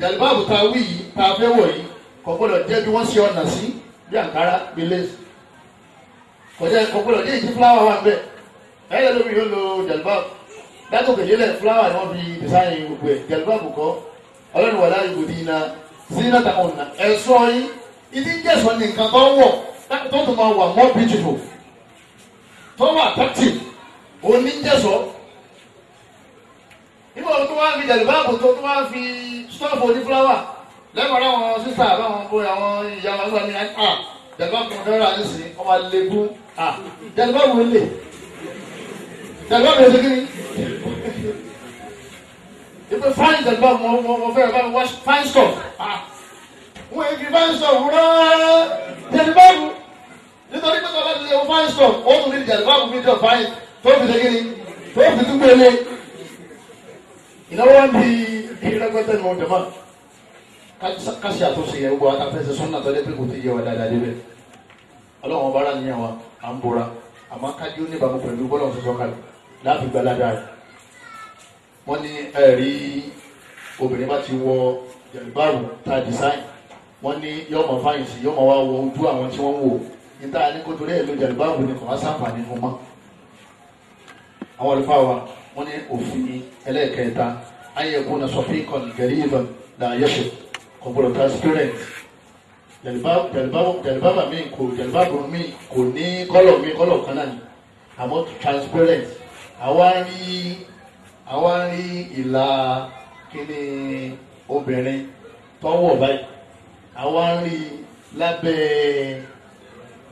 jàlibáàbù tá a wí yìí tá a fẹ́ wọ̀ yìí kò gbọ́dọ̀ jẹ́ bí wọ́n ṣe ọ̀nà sí bí àǹkárá bí lace kò jẹ́ kò gbọ́dọ̀ jẹ́ ìdí fúláwà wà bẹ́ẹ̀ ẹ̀yẹ́ lómi yóò lo jàlibáàbù dákò kèjélẹ̀ fúláwà ni wọ́n fi design gbogbo ẹ̀ jàlibáàbù kọ́ ọlọ́run wà láàyè kò dín iná sí iná ta ọ̀nà ẹ̀ṣọ́ yín ìdí jẹ́sọ̀ ní nǹkan tó wọ̀ tó tún máa wà more beautiful tó wà attractive oníjẹ́sọ̀ nígbà tó wá fi jàlùbá àbò tó tó wá fi sọ́ọ̀bù onífúláwà lẹ́kọ̀ọ́ láwọn sísá àbáwọn bóyá àwọn ìyá wọn gbà mí à jàlùbá kan fẹ́ràn àníṣe ọmọ àlebú à jàlùbá wo lè jàlùbá mi ò ṣe ìpè fáìn jàlùbá mo fẹ́ràn bá mi wá fáìn stọ̀f ah, wọ́n èkì fáìn stọ̀f rọ́ jàlùbá wo nítorí pé tọ́lá ti lè wọ́n fáìn stọ̀f ó tún ní jàlùbá wo mi jọ fáìn tó fi ṣe tó fi tún gbélé ìnáwó bí bí rẹpẹtẹ nù jama kasi àtúnṣe yẹn gbogbo àtàfẹsẹ sọnà tọdẹ pé kò ti yẹ wa dáadáa débẹ̀ Ọlọ́run ọba ara nìyẹn wa à ń bora àmọ́ kájú níbàámu pẹ̀lú bọlọ sọsọ kalẹ̀ láàfin gbalada rẹ wọn ní ẹrí obìnrin bá ti wọ jẹlibáàrù tá a design wọn ní yọmọ fáyìnsì yọmọ wa wọ ojú àwọn tí wọn ń wò níta ní kó torí ẹ ló jẹlibáàrù ni kò wá sáǹfààní fún mọ àwọn olùfáà wa wọn ní òfin ẹlẹ́ẹ̀kẹta أن يكون صفيقا قريبا لا يشف قبل transparent jẹlibaba mi kò jẹlibaba mi kò ní kọlọ mi kọlọ kan náà ni àmọ́ transparent àwa rí àwa rí ìlà kíni obìnrin tọwọ báyìí àwa rí lábẹ́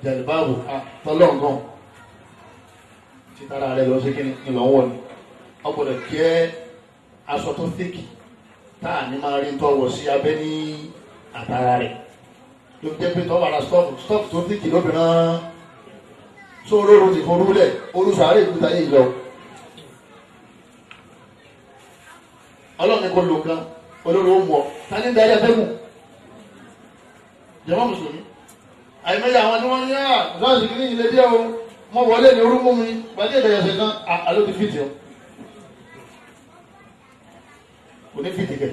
jẹlibaba ah, tọlọngàn títara rẹ lọ sí kíni ìlọwọ ni ọgbọ́dọ̀ jẹ aṣọ tó fèkì tá a ní máa rí tọwọ́ sí abẹ́ ní àtàrà rẹ̀ ló jẹ́ pé tọ́wọ́ ara stọ́ọ̀kù stọ́ọ̀kù tó fèkì lóbìnrin náà tó olóró ti forú lẹ̀ olùsọ àárẹ̀ ìgbìta yìí lọ. ọlọ́run ní kò lò kan olóró ó mú ọ tani ń darí afẹ́gùn jẹ́wọ́n mùsùlùmí àìmọye àwọn tí wọ́n ní à ah, láti kí ní ilé o mo wọlé ní orúkú mi pàdé ìdẹ̀yẹsẹ̀ kan ah, àlóbi fìtì o. kò ní fìdí bẹ̀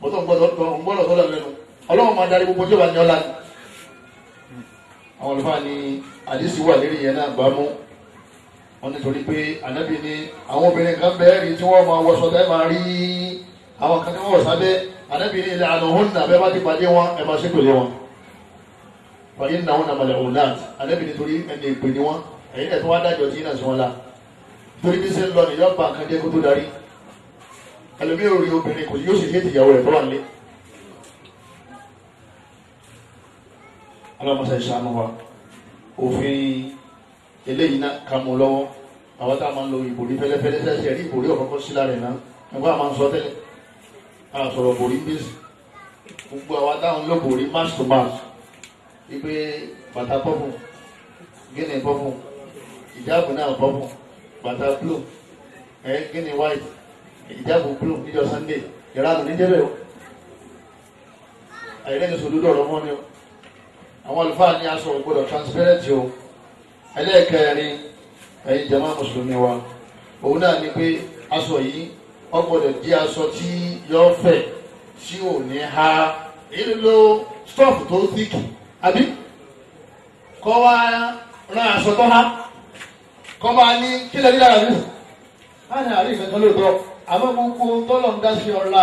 bọ́tọ̀ gbọ́dọ̀ sọ́dọ̀ lẹ́nu ọlọ́run máa darí gbogbo jẹ́wàá ní ọlá ni àwọn olùfà ni àdìsí wà lérí yẹn náà gbámú wọn nítorí pé ànábì ni àwọn obìnrin kan bẹ́ẹ̀ rí tí wọ́n máa wọṣọ bẹ́ẹ̀ máa rí àwọn kan tí wọ́n wọ̀ sábẹ́ ànábì ni ilẹ̀ àná òun nà bẹ́ẹ̀ bá ti pàdé wọn ẹ̀ máa ṣépèlé wọn wàyí nà òun nà màlẹ̀ òun náà ànábì nítorí ẹni ìpè ni wọn ẹ̀yin ẹ̀ tó wá dájọ́ tí yín ẹlòmí ò rí obìnrin kò yóò sì ní ìyàwó rẹ̀ bọ́wà lé alámọ̀sá ìṣàánú wa òfin eléyìí náà ká mú lọ́wọ́ àwọn tá a máa ń lo ìbòrí fẹ́lẹ́fẹ́lẹ́ sẹ́sẹ̀ rí ìbòrí ọ̀kọ́kọ́ sí lára ẹ̀ náà nígbà máa ń sọ tẹ́lẹ̀ a sọ̀rọ̀ bòrí bíìsì gbogbo àwa táwọn ló bòrí mass to mass wípé bàtà pọ́fùn gíní pọ́fùn ìjáàbù náà pọ́fùn bàtà blue ẹ̀ gíní white ìjábò kúrò níjọ sunday ìranù níjẹ́bẹ̀ o àìlẹ́yìn sòdúdú ọ̀rọ̀ mọ́ ni o àwọn àlùfáà ní aṣọ ògbọ́dọ̀ transparent o ẹlẹ́ẹ̀kẹrin ẹ̀yin jama mùsùlùmí wa òun náà ni pé aṣọ yìí ọgbọ́dọ̀ di aṣọ tí yọ fẹ̀ tí ò ní ha èyí ló stuff tó tíkì àbí kọ́ wá rán aṣọ tó ha kọ́ bá ní kílẹ̀ nílára mi. a ní àárín ìfẹ́ kan àmọ́ gbogbo tọ́lọ̀ ń dá sí ọ̀la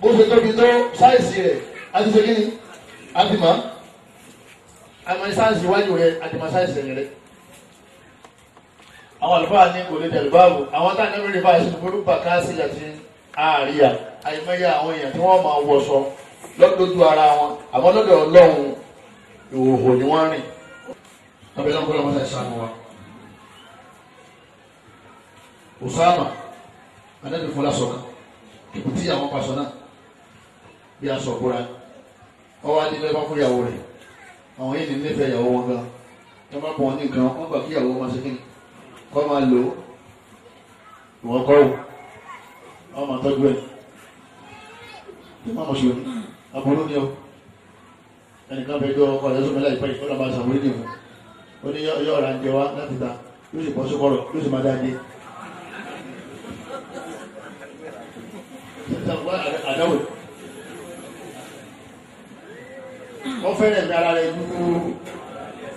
bó ṣe tóbi tó sáìsì rẹ̀ àti ṣe kíni àtìmọ́ àmọ́ sáìsì iwájú rẹ̀ àtìmọ́ sáìsì rẹ̀ rẹ̀. àwọn àlùfáà ní kò lè tẹ̀lé báàbò àwọn táwọn ẹni rí báyìí sínú burúkú bàkà sí àti àríyá àìmọye àwọn èèyàn tí wọ́n máa wọṣọ lọ́dọ̀dọ̀ ara wọn àmọ́ lọ́dọ̀ ọlọ́run ìhòòhò ni wọ́n rìn. ọbẹ̀ lọ́kọ́ lọ́mọ Usama anábì fún lásọ náà èkó tí àwọn pa sọ náà bí aṣọ ìbúra ọwọ́ adílé bá fún ìyàwó rẹ̀ àwọn yìí ní nífẹ̀ẹ́ ìyàwó wọn gan tó bá pọ̀ wọn ní nǹkan wọn gbà kí ìyàwó wọn ṣe kíni kọ́ máa lò ó ìwọ̀n kọ́ wò wọ́n máa tọ́jú ẹ̀ tó máa mọ̀ ṣe òní àbúrò ní ọ ẹnìkan fẹ́ jọ ọkọ rẹ̀ sọmọ láìpẹ́ ìfọ́nà máa ṣàmúlé nìkan ó ní yọ ọ̀rà ń ta yóò sì bọ́ sókọ̀rọ̀ yóò sì máa àdáwò wọ́n fẹ́rẹ̀ mi ara rẹ̀ gbogbo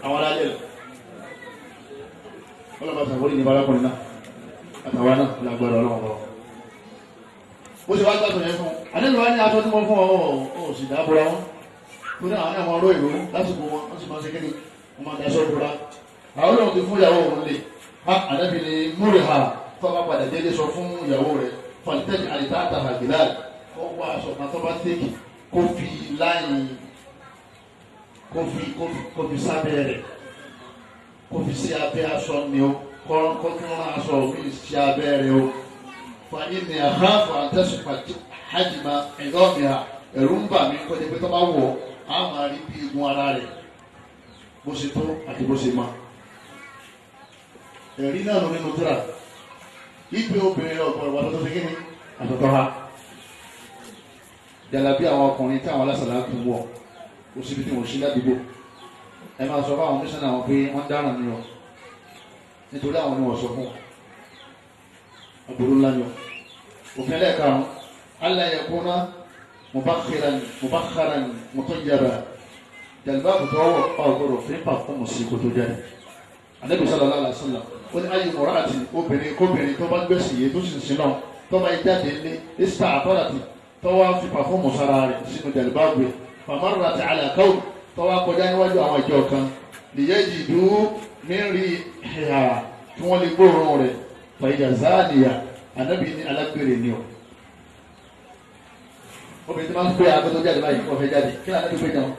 àwọn aráyé lọ lọ́pàá sàwọ́lì ní barakùnrin náà àtàwọn náà lágbára ọlọ́run ó ti wá gbàgbọ́ yẹn fún àdéhùn múrìhà tó bá padà délé sọ fún ìyàwó rẹ̀ falitẹ́jì àlìtá àtàlà gíláà kó wá aṣọ kan tó bá tẹ́kì kó fi láyìn kó fi kó fi sábẹ́ rẹ̀ kó fi sí abẹ́ aṣọ ni o kó kó tún rán aṣọ mi sí abẹ́ rẹ̀ o fani ní àháfà àtẹ̀sùpà hajjima ẹ̀dọ́ mìíràn ẹ̀rù ń bà mí kó dé pé tó bá wọ̀ á máa rí bí igun ara rẹ̀ bó ṣe tó àti bó ṣe mọ ẹ̀rí náà ló nínú tíra ibi obìnrin ọ̀gbọ̀n wà lọ́dún kékeré àtọ̀tọ̀ ha jalabi àwọn ọkùnrin táwọn alásàlá ń wọ kò síbi tí wọ́n ṣí ládùúgbò ẹ máa sọ fáwọn mísánná àwọn pé wọ́n dáràn ni ọ nítorí àwọn ni wọ́n sọ fún ọ̀gbọ̀n ńlá ni ọ òfin ẹlẹ́ẹ̀karùn-ún aláyẹ̀kúnná mubakharan mutajjaba jalabi àbùtọ́wọ̀ ọ̀gbọ̀n òfin pàfọ́mù sí tó jáde àdébùsọ̀lá lálàá ó ní ayé mọ̀rá àti obìnrin kóbìnrin tó bá gbẹ̀sì yé tó sì ń sin náà tó máa jáde ní ista àtọ́làtì tó wá fi pàfọ́ọ̀mù sára rẹ̀ sínú jàlùbáàgbé fàmárùn àti àlàkáwù tó wá kọjá níwájú àwọn ìjọ kan lìyẹ́ ìjìdú mẹ́rin ìhà tí wọ́n lè gbóòórùn rẹ̀ fàyíjà záàlìyà ànábì ní alágbèrè ni ọ̀ obìnrin tí máa ń pè àgọ́ tó jáde báyìí kọ́ fẹ́ jáde kí lànà tó gbé jẹun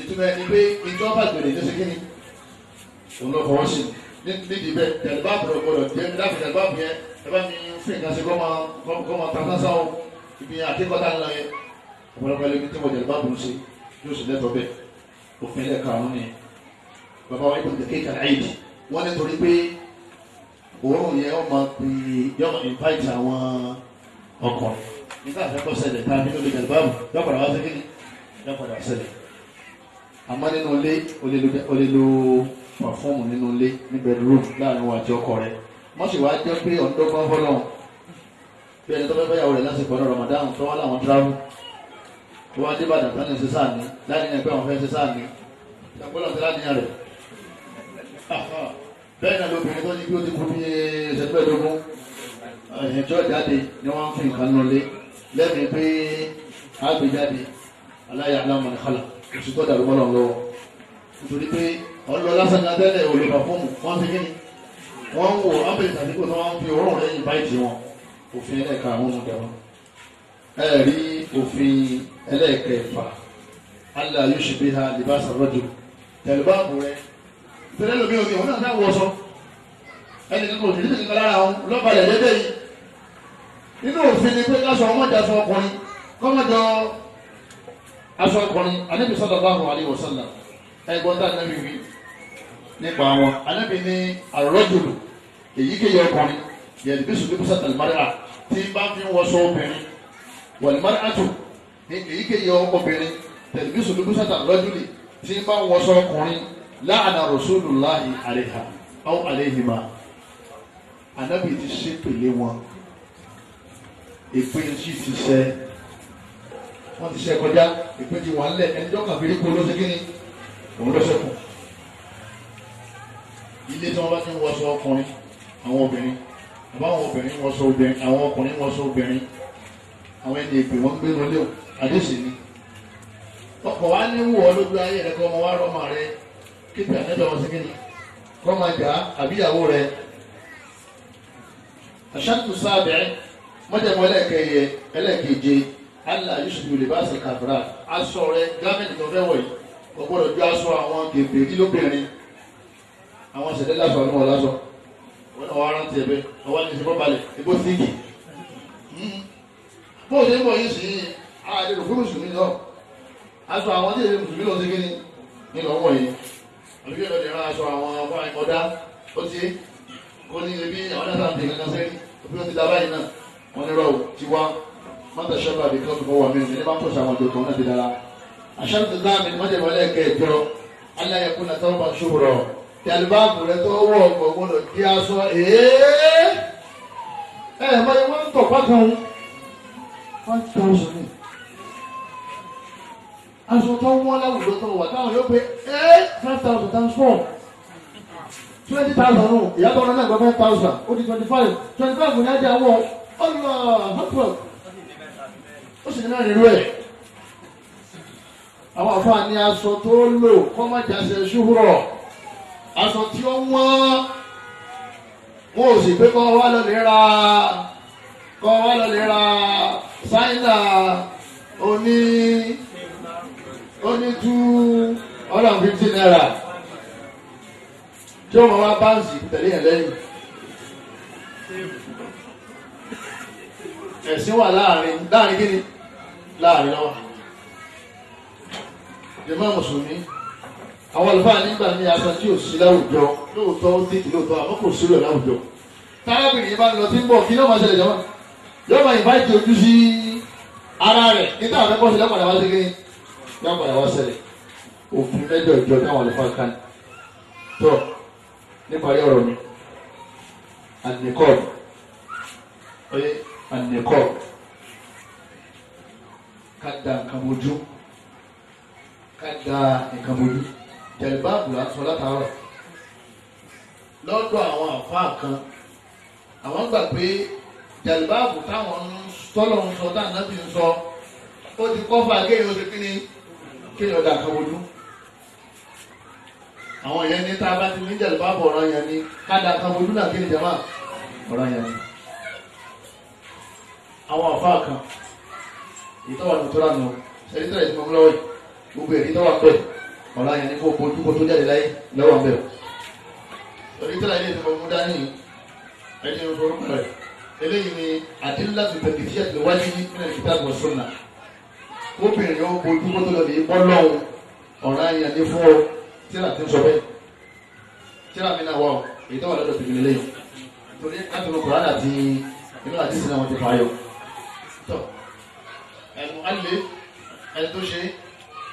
ìtumọ̀ ẹni pé ìjọba gbèrè ló ṣe kí ni òun nídìí bẹ́ẹ̀ tẹ̀lé bá bọ̀rọ̀ gbọ́dọ̀ jẹ́ ní láti tẹ̀lé bá bù yẹn ẹ bá mi fi nǹkan ṣe kọ́ máa tán sáà o ibi àtikọ́tà ńlá yẹn ọ̀pọ̀lọpọ̀ ẹlẹ́ni tí mo jẹ̀lé bá bùrù ṣe yóò sì lẹ́tọ̀ọ́ bẹ́ẹ̀ òfin ilẹ̀ karùn-ún ni bàbá wa ibùdó kéka àìdì wọ́n nítorí pé òórùn yẹn wọ́n máa pè yọ invite àwọn ọkọ̀ nígbà fẹ́ kọ́ ṣẹlẹ̀ tá a nínú ìjẹ̀lẹ̀ bá bù lọ́pọ̀lọpọ̀ wá sí kí ni lọ́pọ̀lọpọ̀ ṣẹlẹ̀ àmọ́ nínú ilé olè lo pàfọ́ọ̀mù nínú ilé ní bedroom láàrin wọn àti ọkọ rẹ wọ́n sì wá jẹ́ pé ọ̀dọ́gbọ́n fọlọ́ bí ẹni tó fẹ́ fẹ́yàwó rẹ̀ lásìkò ọ̀dọ̀ Ramadan tó wá láwọn travel tó wá dé Ìbàdàn ní ṣe sáà láti ní ẹgbẹ́ àwọn fẹ́ ṣe sáà ní ìṣàgbọ́lọ̀ láti yàn rẹ̀ bẹ́ẹ̀ náà lóbìnrin tó ní bí ó ti kú bí ẹ̀ẹ́dẹ́gbẹ̀ẹ́dógún ẹ̀jọ́ jáde ni wọ́n fi nǹkan nù lé lẹ́mìí pé àgbèjáde aláya aláwọn ọ̀nà kálà òṣìṣẹ́ tó dàrú mọ́ wọ́n lọ lásán náà tẹ́lẹ̀ olùbà fóònù wọ́n ti kíni wọ́n ń wò ámbẹ̀lẹ̀ tàbíkò tó wọ́n fi òórùn lẹ́yìn báyìí wọn òfin ẹlẹ́ẹ̀ka àwọn oúnjẹ ẹ rí òfin ẹlẹ́ẹ̀kẹfà allah yóò ṣe bí ha libasa rọ́jò tẹ̀lé báàbù rẹ tẹ̀lé lómi omi òun náà náà wọṣọ ẹni kankan òsì nínú ìkan lára wọn lọ́balẹ̀ lẹ́dẹ̀ yìí nínú òfin ni pé káṣọ ọmọdé aṣọ ọkùnrin kọ́mọdé aṣọ ọkùnrin anábì sallallahu alaihi wasallam ẹ̀gbọ́n tá a nábì wí nípa wọn anábì ní àrọ́jòlù èyíkéyìí ọkùnrin yẹ̀lìbísù lébùsà tàlùmárà tí bá fi ń wọṣọ obìnrin wọ̀lùmárà àtò ní èyíkéyìí obìnrin yẹ̀lìbísù lébùsà tàlùmárà tí bá ń wọṣọ ọkùnrin láàánà rọ̀ṣúlùláì àríhà aw àléhìmá anábì ti ṣépèlé wọn èpè yìí ti ṣẹ wọn ti ṣẹ kọjá èpè ti wà ń lẹ ẹnjọ́ kàfírí kó ló ṣe kí ni òun ló ṣẹkùn ilé tí wọ́n bá ti ń wọṣọ ọkùnrin àwọn obìnrin àbáwọn obìnrin wọṣọ obìnrin àwọn ọkùnrin wọṣọ obìnrin àwọn ẹni èpè wọ́n gbé wọlé o àdéṣe ni ọkọ̀ wa ní wù ọ́ lójú ayé rẹ kọ́ ọmọ wa rọ́mọ rẹ kíkà nẹ́tọ̀ wọn sí kí ni kọ́ máa jà àbíyàwó rẹ àṣàtúntò sáàbẹ̀ mọ́jàmọ́ ẹlẹ́kẹ̀yẹ ẹlẹ́kẹ̀je allah yusuf olùbáṣẹ kàfúrà aṣọ rẹ gámẹ́ntì tó fẹ́ wọ̀ yìí kò gbọ́dọ̀ ju aṣọ àwọn gègé nílòbìnrin àwọn ṣẹ̀dẹ́ lásọ ní wọn lásọ wọn náà wọn arántí ẹ̀bẹ́ ọwọ́ ní ṣe bọ́balẹ̀ ebó tíìkì bóun ṣe ń bọ̀ yìí sí àdé òkú mùsùlùmí lọ aṣọ àwọn tí èdè mùsùlùmí lọ sí kí ni ní lọ́wọ́ yìí àbí kí ọ̀dẹ̀ rán aṣọ àwọn ọmọ ọ̀dá ó ti kó ní ibi àwọn náà tàbí kankan sẹ́yìn òbí wọn ti dá báyìí náà wọn ní rọ̀wù ti wá mọ́tò ṣọ́ba àbí kọ́ọ̀tù fọwọ́ mi ní bá kọ̀ọ̀ṣà àwọn àjọkọ̀ náà ti dára àṣà ti dá mi mọ́tò ìwọlé ẹ̀kẹ́ ìjọ aláyẹ̀kú náà tọ́wọ́ bá ṣòro tẹlifáàbù rẹ tó wọ ọkọ gbọ́dọ̀ di aṣọ ee ẹ ẹ wọn tọ pátá wọn wọn ń aṣọ tó wọn láwùjọ tó wà táwọn yóò pé ee five thousand times four twenty thousand o ìyá tó wọn náà gba five thousand ó di twenty five twenty five ní ajá wọ ọlọ hapọ ó sì ní náà nínú ẹ àwọn afọ àní aṣọ tó lò kọ́mọ̀jà ṣe ṣúhùrọ̀ aṣọ tí ó wọ́n wọn ò sì pé kọ́ wá lọ́lẹ́ ra kọ́ wá lọ́lẹ́ ra ṣáínà oní oní two hundred fifty naira tí ó mọ̀ wá báǹsì tẹ̀lé yẹn lẹ́yìn. ẹ̀sìn wà láàrin láàrin kí ni láàrin náà jẹ́ mọ́ mùsùlùmí àwọn àlùfáà nígbà ní aṣọ tí ò sí láwùjọ lóòótọ́ ó ti, lóòótọ́ àmọ́ kò sí rẹ̀ láwùjọ. tárábìnrin yìí bá lọ sí ń bọ̀ kí ló máa ṣẹlẹ̀ jọba yóò máa ìbá ìtì ojú sí ara rẹ̀ nígbà àwọn ẹgbẹ́ ọ̀sẹ̀ lọ́pàdà wá sí kí lọ́pàdà wá ṣẹlẹ̀ òfin mẹ́jọ ìjọ táwọn àlùfáà kan tó níparí ọ̀rọ̀ mi àdìkọ́ọ̀bù ọyẹ àdìkọ́ọ̀bù ká da nǹkan mojú ká da nǹkan mojú jẹ̀lìbáàbù la sọ látàárọ̀ lọ́dọ̀ àwọn àfáà kan àwọn gbà pé jẹ̀lìbáàbù táwọn tọ́lọ̀ ń sọ táwọn náà ti ń sọ ó ti kọ́ fà kéèyàn ó ti kí ni kéèyàn ọ̀dà kan ojú àwọn yẹn ní tá a bá ti ní jẹ̀lìbáàbù ọ̀rọ̀ yẹn ni kádà kan ojú náà kí ni jẹ̀má ọ̀rọ̀ yẹn ni àwọn àfáà kan ìtọ́wà tó tó rà nù ẹni tó rẹ̀ ti mọ́ lọ́wọ́ gbogbo ẹ̀rí tọ́wà pẹ̀lú. Orang yang ní kó kojú kó tó jáde láyé lọ́wọ́ bẹ́ẹ̀. torí tí láyé ìfọ̀ mú ni àdínlá tó tẹ̀lé sí ẹ̀sìn wájú ní ìta bọ̀ sọ́nà. obìnrin ó kojú kó tó lọ lè bọ́ lọ́hùn ọ̀la yẹn ní fún ọ tíra ti ń sọ bẹ́ẹ̀. tíra mi náà wà ó èyí tó tu lọ́dọ̀ tèmi lélẹ́yìn. torí láti lọ kùrán àti inú àti sinamọ́ ti fà á yọ. tọ́ ẹ̀mú alẹ́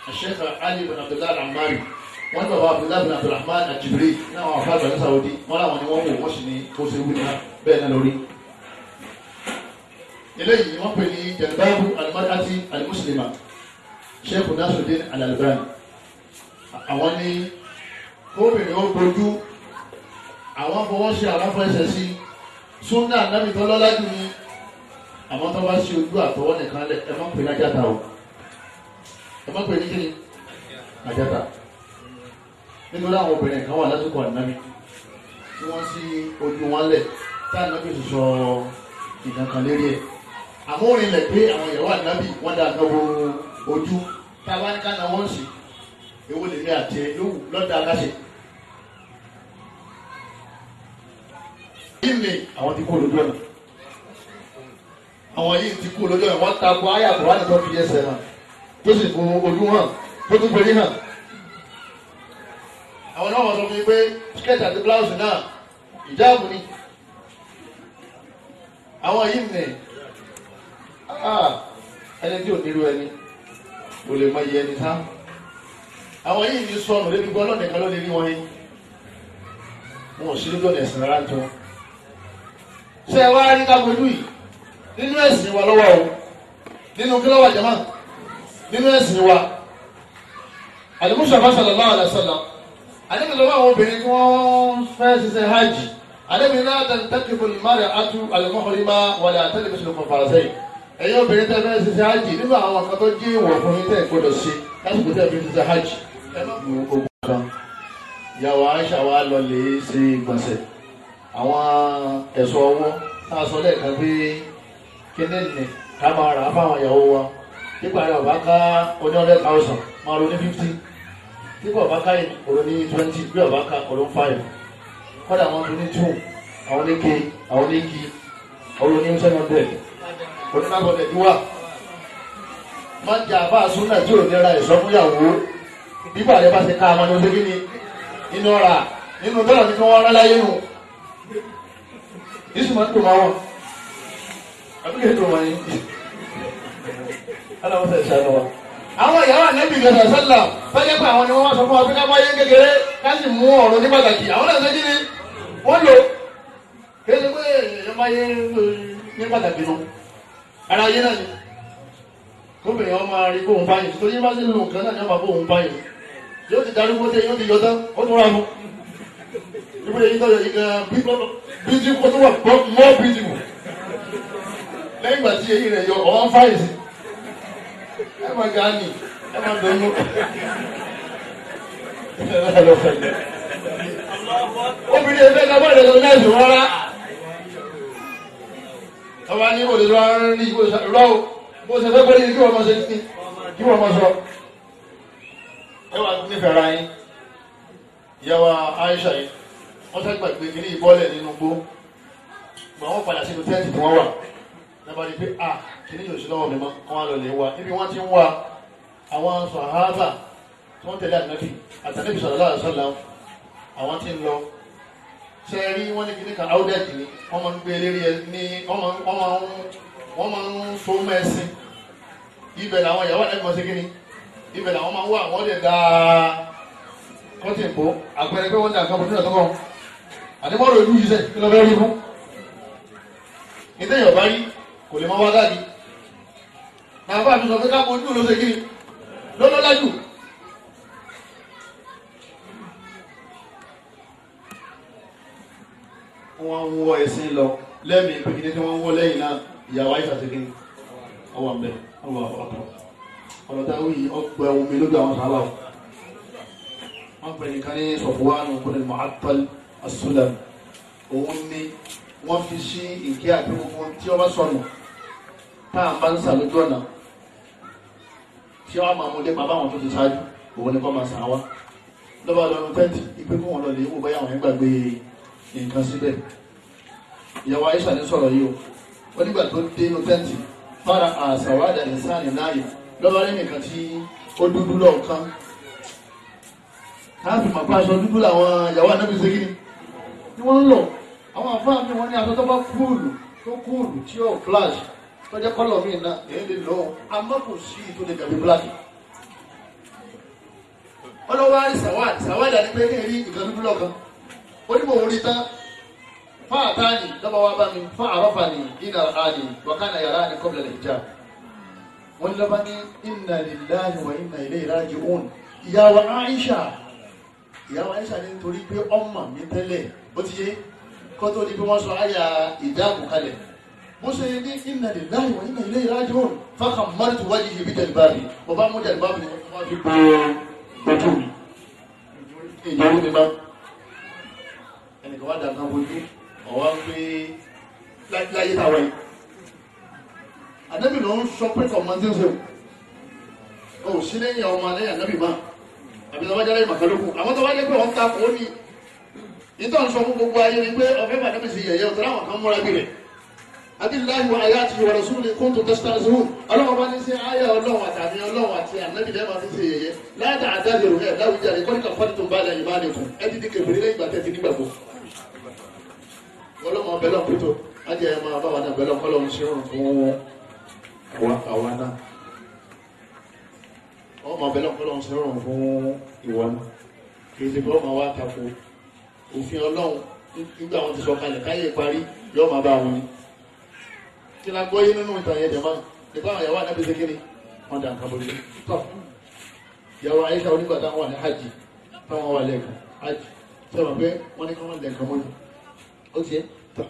الشيخ علي بن عبد الله العماري wọ́n ní bàbá abdullahi bin abdulrahman ajibiri náà wọn àfa àgbàdo saudi wọn làwọn ni wọn wò wọn sì ní kó ṣe wí náà bẹ́ẹ̀ náà lórí. eléyìí wọ́n pè ní jalibabu alimadi alimuslima sheikh nasudin alalibani àwọn ní kóbìnrin ó gbójú àwọn fọwọ́ ṣe àwọn fẹsẹ̀ sí sunna anamitọ́lọ́lá jù ní àwọn tó bá ṣe ojú àtọwọ́ nìkan lẹ̀ ẹ má pè ní ajáta o ọmọ pè ní kí ni àjàtà nínú láwọn obìnrin kan wà lásìkò ànábì tí wọ́n sí ojú wọn lẹ̀ tá ànábì sì sọ ìdàn kan lérí ẹ̀ àmọ́ orin lẹ̀ pé àwọn ìyàwó ànábì wọ́n dà nọ́bù ojú tá a bá ní ká náà wọ́n sì ewu lè ní àtẹ lówù lọ́dà aláṣẹ. ilé àwọn ti kó lójú ọ̀nà àwọn yìí ti kó lójú ọ̀nà wọ́n ta bu ayàbọ̀ wọ́n ti tọ́ fi ẹsẹ̀ náà tó sì fún ojú hàn tó tún gbèrí hàn. àwọn náà wọ́n sọ fún mi pé skirt àti blouse náà ìjáàbù ni àwọn yìí nì ah, ẹni tí ò nílò ẹni kò lè mọ iye ẹni sá àwọn yìí ní sọnù lébi gbọ́ lọ́nà ìkàlọ́ lè rí wọn yìí wọn ò sí lójú ọ̀nà ẹ̀sìn rárá tó ṣé ẹ wá rí ká mojú yìí nínú ẹ̀sìn wa lọ́wọ́ o nínú kí lọ́wọ́ jẹ́ máa nínú ẹ̀sìn wa alimusa sallallahu alaihi wasallam alẹ́mi lọ́wọ́ àwọn obìnrin tí wọ́n fẹ́ ṣiṣẹ́ hajj alẹ́mi náà tẹ́tí bọ̀ lùmárì àtú alimọ́kùnrinmá wàlẹ̀ àtẹ́lẹ̀ bíṣẹ̀ lọ́kọ̀ fàrẹ́sẹ̀ ẹ̀yin obìnrin tẹ́ fẹ́ ṣiṣẹ́ hajj nínú àwọn kan tó jẹ́ ìwọ̀ fún yín tẹ́ gbọ́dọ̀ ṣe lásìkò tẹ́ fi ṣiṣẹ́ hajj ẹ má nígbà yẹn ọba ká oní hundred thousand máa ro ní fifty nígbà ọba ká òrò ní twenty bí ọba ká òrò ní five kọ́dà wọn tún ní two àwọn ní ke àwọn ní ki òrò ní seven hundred òní nine hundred wà máa ń jẹ àbá àsúnà tí ò ní ra ìsọfúnyàwó bíbà rẹ bá ti ká àwọn ọmọdé kí ni nínú ọ̀rà nínú bẹ́ẹ̀ ni kí wọ́n rán láyé nù yíṣu máa ń tò máa wọ̀ àbí kí tò wọ́n yín ọlọ́run tẹ̀ sẹ́nu wa. àwọn ìyàwó ànábì gbèsè sẹ́là fẹ́jẹ́ pé àwọn ni wọ́n wá sọ fún wa pé ká wáyé kékeré ká sì mú ọ̀rọ̀ ní pàtàkì àwọn náà ṣe kíni wọ́n lò kéde pé ẹ wáyé ní pàtàkì nù ara yé náà ni gómìnà ọmọ arí bóun báyìí tó yé bá sí nù kan náà ní ọmọ bóun báyìí yóò ti darúgbó tẹ yóò ti yọ tán ó tún ra mu ìwé yìí tọ́jà yìí gan bíjì kó tó wà mọ́ bíjì mọ́ lẹ́yìn ìgbà tí èyí rẹ̀ yọ ọ̀hún ẹ má jà ní ẹ má dọ̀nù. obìnrin ẹgbẹ́ náà bọ́ọ̀dẹ̀ lọ náà sùn rárá. ọba ní ìbòdè lọ rí ìbòdè lọ o bó ṣe fẹ́ pẹ́lú kí wọ́n máa ṣe ní kí wọ́n máa sọ. ẹ wà nífẹ̀ẹ́ ra yín ìyá wa Aisha yìí wọ́n sẹ́gbàgbé kiri ìbọ́lẹ̀ nínú gbó gbọ́n wọ́n padà sínú tẹ́ǹtì tí wọ́n wà nígbà tí pé a ah, kìíní yóò ṣe lọ́wọ́ mi mọ́ kọ́ wá lọ́lẹ̀ wa níbi wọ́n ti ń wa àwọn sàhábà tí wọ́n tẹ̀lé ànábì àtàlẹ́bí sọ̀rọ̀ láàrín sọ̀lá àwọn ti ń lọ ṣe rí wọ́n ní kíní kan áúdẹ̀dì ni wọ́n máa ń gbé eléré ẹ ní wọ́n máa ń so mẹ́sìn ibẹ̀ làwọn ìyàwó àdẹ́gbọ̀n ṣe kíní ibẹ̀ làwọn máa ń wá àwọn ọ̀dẹ̀ dáa kọ́tì ìbò àpẹẹrẹ pé wọ́n dà nǹkan bọ̀dún ẹ̀tọ́kọ̀ àdébọ̀rọ̀ ìlú yìí sẹ́ kí lọ bẹ́ẹ̀ rí fún. ìdẹ́yọ̀ bá rí kò lè mọ wá káàdì nàfà mi sọ pé ká mọ ojú ló ṣe kí ló lọ́lá jù. wọ́n ń wọ ẹ̀sìn lọ lẹ́mìí pé kìnìún tí wọ́n ń wọ lẹ́yìn náà ìyàwó àìsàn ṣe kí ni ọwọ́ àmì ọwọ́ ọ̀tọ̀ ọ̀lọ́tà wíyí ọgbà omi lójú àwọn sábà wọ́n pè nìkan ní sọ̀fúwánù kò ní asúlẹ̀ òun ni wọ́n fi sí ìkẹ́ àti gbogbo tí wọ́n bá sọnù tá a bá ń sà lójú ọ̀nà tí wọ́n máa mú lépa báwọn tó ti ṣáájú òun ni kọ́ máa sàn wá lọ́ba lọ́nu tẹ́ǹtì ìpé fún wọn lọ́lẹ̀ ìwò báyà wọn gbàgbé nǹkan síbẹ̀ ìyàwó Aisha ní sọ̀rọ̀ yìí o wọ́n nígbà tó dé inú tẹ́ǹtì fara àṣàwádà ìsáàlì láàyè lọ́ba rí nǹkan tí ó dúdú lọ́ọ̀kan káàfin màpá aṣọ dúdú làwọn ìyàwó anábì ṣe kí ni wọ́n ń lọ àwọn àfáà mi wọ́n ní aṣọ tó bá kúùlù tó kúùlù tí ó flash tọ́jẹ́ kọ́lọ̀ mi náà èyí lè lọ àmọ́ kò sí ìtò lè dàbí búláàkì. ọlọ́wọ́ àrí sàwádìí sàwádìí àti pé kéèrí ìkan dúdú lọ́kan ó ní mò ń rí tán fún àtàní lọ́ba wa bá mi fún àrọ́fà ní ìnà àdì wàkánà yàrá ní kọ́bìlà lè já. wọ́n lọ́ba ní inna lillahi wa inna ilayhi raji'un ìyàwó Aisha ìyàwó Aisha ní nítorí pé ọmọ mi tẹ́lẹ̀ ó ti yé kọ́tó ní bí wọ́n sọ àyà ìdáàbò kalẹ̀ bó ṣe ní inna lillahi wa inna ilayhi raji'un fákà mọ́rìtì wájú yìí bí jẹ̀lìbáàbì ọba mú jẹ̀lìbáàbì ni wọ́n fi gbé ojú mi ìyàwó mi bá ẹnìkan wá dàgbà wojú ọ̀wá ń gbé láyé táwọn yìí ànábì ló ń sọ pé kọ̀mọ́ndé ṣe o sí lẹ́yìn ọmọ lẹ́yìn ànábì máa àbí tó bá jẹ́ lẹ́yìn màkàlókù àwọn tó bá jẹ́ pé wọ́n ta kò ní ìtọ́ ń sọ fún gbogbo ayé ni pé ọ̀fẹ́ màdàbí sì yẹ̀yẹ́ ọ̀tọ̀ láwọn kan múra bí rẹ̀ abillahi wa ayati wa rasuli kuntu tastahzi'un ọlọ́wọ́ bá ní sí ayé ọlọ́wọ́ àtàmì ọlọ́wọ́ àti ànábì lẹ́ẹ̀ma fi ṣe yẹyẹ láti àdáyé òun ẹ̀ láwùjá rẹ̀ kọ́ni kàfọ́ni tó ń bá ilẹ̀ yìí bá lè kù ẹ ti kẹfìrí lẹ́yìn ìgbàtẹ́ ti nígbàgbọ́. ọlọ́mọ bẹ́lọ̀ pẹ̀tọ́ ajé ẹ máa bá wa náà bẹ́lọ̀ kọ́lọ́ ń ṣerun fún àwa náà ọmọ bẹ́lọ̀ kọ́lọ́ ń ṣerun fún ìwọ kí la gbọ́ yé nínú ìtàn yẹn jẹ̀mọ́ nípa àwọn ìyàwó ànábì ṣe kíni wọ́n dà nǹkan bóyá tọ́ ìyàwó àyíká onígbà táwọn wà ní hajj táwọn wà lẹ́ẹ̀kan hajj sọ̀rọ̀ pé wọ́n ní kí wọ́n lẹ̀kan mọ́ ó ti yẹ tọ́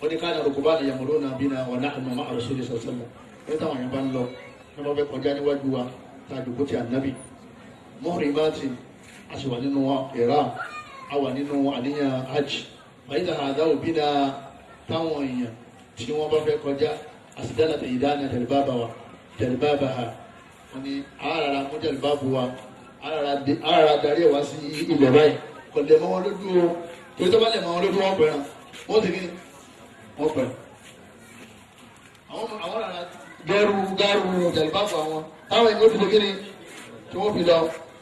wọ́n ní káàdà rògbò bá nìyàwó lónà bí na wà náà àmọ́ àrò sórí sọ̀sọ́mọ́ pé táwọn yẹn bá ń lọ wọ́n bá fẹ́ kọjá níwájú wa tá a dùkú ti ànábì mọ́rì bá ti a nínú ìram a nínú àníyàn hajj fàyídà tí wọ́n bá fẹ́ kọjá àsìdálà tẹ ìdáná tẹlifábà wa tẹlifábà ha wọ́n ní àárara mú tẹlifábù wa àárara darí ẹ̀ wá sí ilẹ̀ báyìí kò lè mọ wọn lójú o torí tó bá lè mọ wọn lójú wọn pẹ̀ràn wọ́n ti ní wọ́n pẹ̀ràn. àwọn àwọn àrà gẹ́rù gẹ́rù tẹlifábù àwọn táwọn ènìyàn fi kíni tí wọ́n fi lọ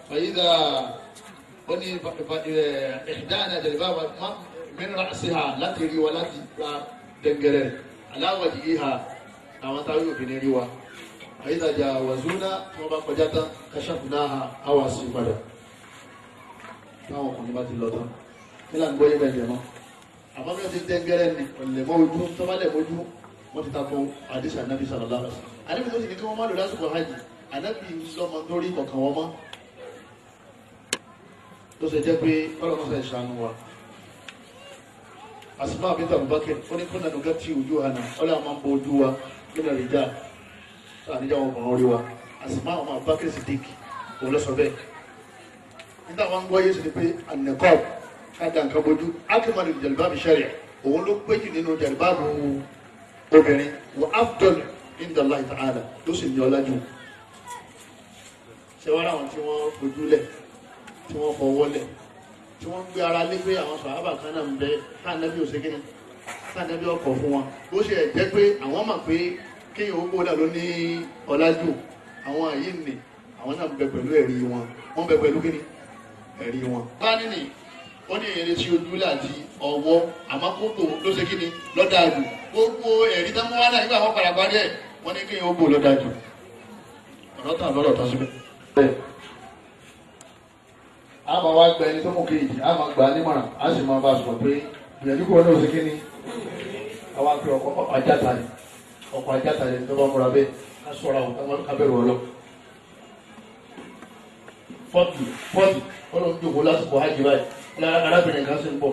fàyí dáa wọ́n ní ìdáná tẹlifábù mẹ́rin rà sí ha láti rí wa láti ra dẹ́ngẹ́rẹ́ rẹ̀ aláwọ̀dì ìhà àwọn táwọn yóò fi ní rí wa àyíṣàjà wàzúnà tí wọ́n bá kọjá tán káṣàkùnà àwà sí padà táwọn ọkùnrin bá ti lọ tán nílà ń gbọ́ yẹ́ bẹ́ẹ̀ jẹ̀mọ́ àmọ́ bí wọ́n ti tẹ́gẹ́rẹ́ ni ọ̀lẹ̀mọ́ ojú tó bá lẹ̀ mójú wọ́n ti tako àdìsá nàbí sàlọ́lá àdìsá tó ṣe jẹ́ pé ọlọ́mọ sẹ́ ṣàánú wa asuma bint abubakar ó ní kúnlẹ̀ nùgá tí ojú hànà ọlọ́ àwọn máa ń bọ ojú wa nílẹ̀ rìjà àníjà wọn kàn rí wa asuma ọmọ abubakar sidik òun lọ sọ bẹ́ẹ̀ nígbà wọn gbọ́ yé sọ pé ànẹ́kọ́ káàdà nǹkan bójú akimadu jalibabu sharia òun ló pé jù nínú jalibabu obìnrin wà afdol inda Allah ta'ala ló sì ní ọlájú ṣe wọ́n ráwọn tí wọ́n fojú lẹ̀ tí wọ́n fọwọ́ lẹ̀ tí wọ́n gbé ara lé pé àwọn sàhábà kan náà ń bẹ káànábí òṣèké ni ọkọ̀ fún wọn bó ṣe jẹ́ pé àwọn mọ̀ pé kéèyàn ó gbódà ló ní ọlájú àwọn àyè nì àwọn náà bẹ pẹ̀lú ẹ̀rí wọn wọ́n bẹ pẹ̀lú kíni ẹ̀rí wọn. bá nínì ó ní èrè sí ojú láti ọwọ́ àmọ́ kókò ló ṣe kíni lọ́dàjù gbogbo ẹ̀rí tó mú wá náà nígbà wọn padà parí ẹ̀ wọ́n ní kéèyàn ó gbó lọ́dàjù ọ̀rọ̀ tàn lọ́rọ̀ tán síbẹ̀ máa wá gba ẹni tó mú kéèjì á máa gbà á nímọ̀ràn á sì máa bá a sọ̀rọ̀ pé gbìyànjú kúrò náà ó ṣe ni àwa pé ọkọ̀ ajáta ni ọkọ̀ ajáta ni tó bá múra bẹ́ẹ̀ ká sọ̀rọ̀ àwọn kábẹ́rù ọlọ́ fọ́tù fọ́tù ọlọ́run jòkó lásìkò hajj báyìí arábìnrin kan sì ń bọ̀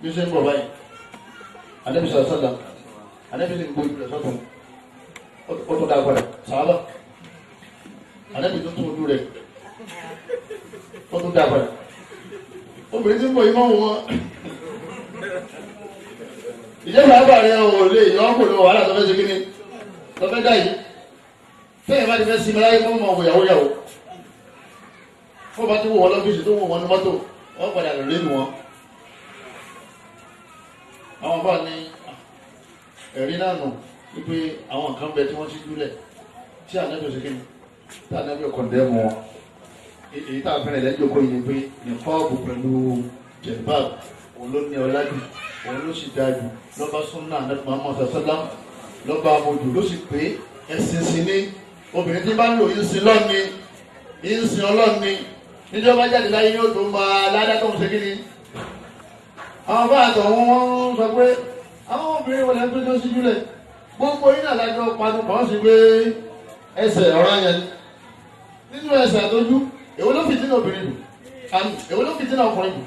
bí ó ṣe ń bọ̀ báyìí anabi sọ̀rọ̀ sọ̀dà anabi sì ń gbóyè lọ sọ́tún ó tó dáa padà sàálà anabi tó tún ojú rẹ̀ ó tó dáa padà obìnrin tí ń bọ̀ yìí máa ń wọ́n ìjẹ́bà àbàrẹ̀ ò lè yọ ọ́pọ̀ lọ wàhálà tọ́fẹ́ ṣe kíni tọ́fẹ́ dá yìí fẹ́yìn bá ti fẹ́ sinmi láyé fún ọmọ ìyàwó yàwó fún ọba tó wọ̀ wọ́n lọ́fíìsì tó wọ̀ wọ́n ní mọ́tò wọ́n padà lò lé wọn. àwọn bá ní ẹ̀rí náà nù wípé àwọn kan bẹ tí wọ́n ti dúlẹ̀ tí ànábì ò ṣe kíni tí ànábì ò kọ̀ndẹ́mù wọn èyí tá a fẹ́rẹ̀ lẹ́jọ́kọ́ yìí pé nìkọ́ọ̀bù pẹ̀lú jẹ̀báàbù òun ló ní ọlá jù òun ló sì dáa jù lọ́ba súnà nípa mọ́sásálá lọ́ba amòjù ló sì pé ẹ̀sìn sí ni obìnrin tí bá ń lò yín sin lọ́ni yín sin ọlọ́ni níjọba jáde láyé yóò tó máa ládá tó ń ṣe kíni. àwọn bá àtọ̀ wọn wọ́n sọ pé àwọn obìnrin wọlé ń tó tó síjú lẹ̀ gbogbo yín àlájọ panu kàn sí pé ẹsẹ̀ ọ̀rọ̀ yẹn nínú ẹsẹ̀ àtọ́jú èwo ló fi sínú obìnrin dùn àmì èwo ló fi sínú ọkùnrin dùn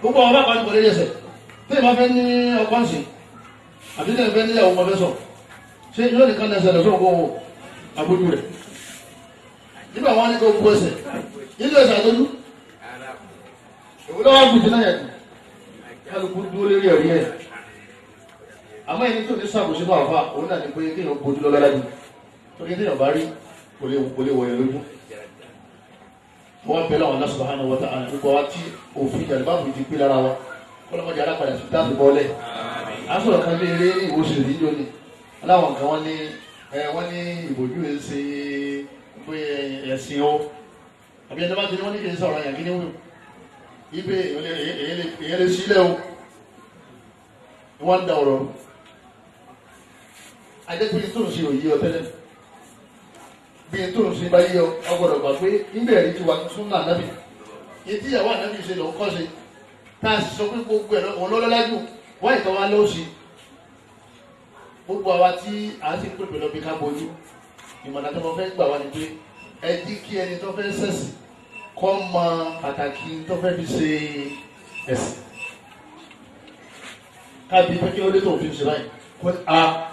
gbogbo àwọn bàbá àdúgbò lẹ́yẹsẹ̀ tí ìbá fẹ́ ní ọgbọ́n sí àbí tí ìbá fẹ́ nílẹ̀ ọmọ fẹ́ sọ ṣé yóò nìkan lẹ́sẹ̀ lọ́sọ̀ owó àbójú rẹ̀ nígbà wọn ní kó gbó ẹsẹ̀ nínú ẹsẹ̀ àtọ́jú èwo ló wá gbùdí náà yẹn kálukú dúró lórí ẹ̀rí ẹ̀ àmọ́ ẹni tó ní sàbòsí bá wà fà òun náà ní pé kéèyàn gbójú lọ́lá lájú torí kéèyàn bá rí kò lè wọ̀yẹ̀ lójú wọ́n bẹ̀rẹ̀ àwọn Allah subhanahu wa ta'ala nípa wá tí òfin ìjàdùbá mi ti pé lára wa kọ́lọ́mọdé alápàdà sí dáàbò bọ́ọ̀lẹ̀ aṣọ́rọ̀ kan lé eré ní ìwòsàn yìí lónìí aláwọn kan wọ́n ní wọ́n ní ìbòjú ẹ̀ ṣe pé ẹ̀sìn o àbí ẹ̀dá bá ti ní wọ́n ní kí n sọ̀rọ̀ àyàn kí ní wù ibẹ̀ èyẹ lè sílẹ̀ o wọ́n ń da ọ̀rọ̀ adékùnrin tó ń ṣe òyì ọ̀tẹ́lẹ̀ bí n tó ń sin bá yí ọ ọgbọ́dọ̀ gbà pé níbẹ̀ rí ti wà tuntun náà nábì etí ìyàwó ànábì ṣe lọ́n kọ́ ṣe tá a sì sọ pé gbogbo ẹ̀rọ òun lọ́lọ́lájú wọ́n ìtàn wa lọ́ọ́ sí gbogbo àwa tí a sì ń pèpè lọ bí ká bojú ìmọ̀nà tó mọ fẹ́ gbà wá ni pé ẹ jí kí ẹni tó fẹ́ sẹ̀sì kọ́ mọ pàtàkì tó fẹ́ fi ṣe ẹ̀sìn kábíyí pé kí ló dé tó fi ṣe báyìí kó a.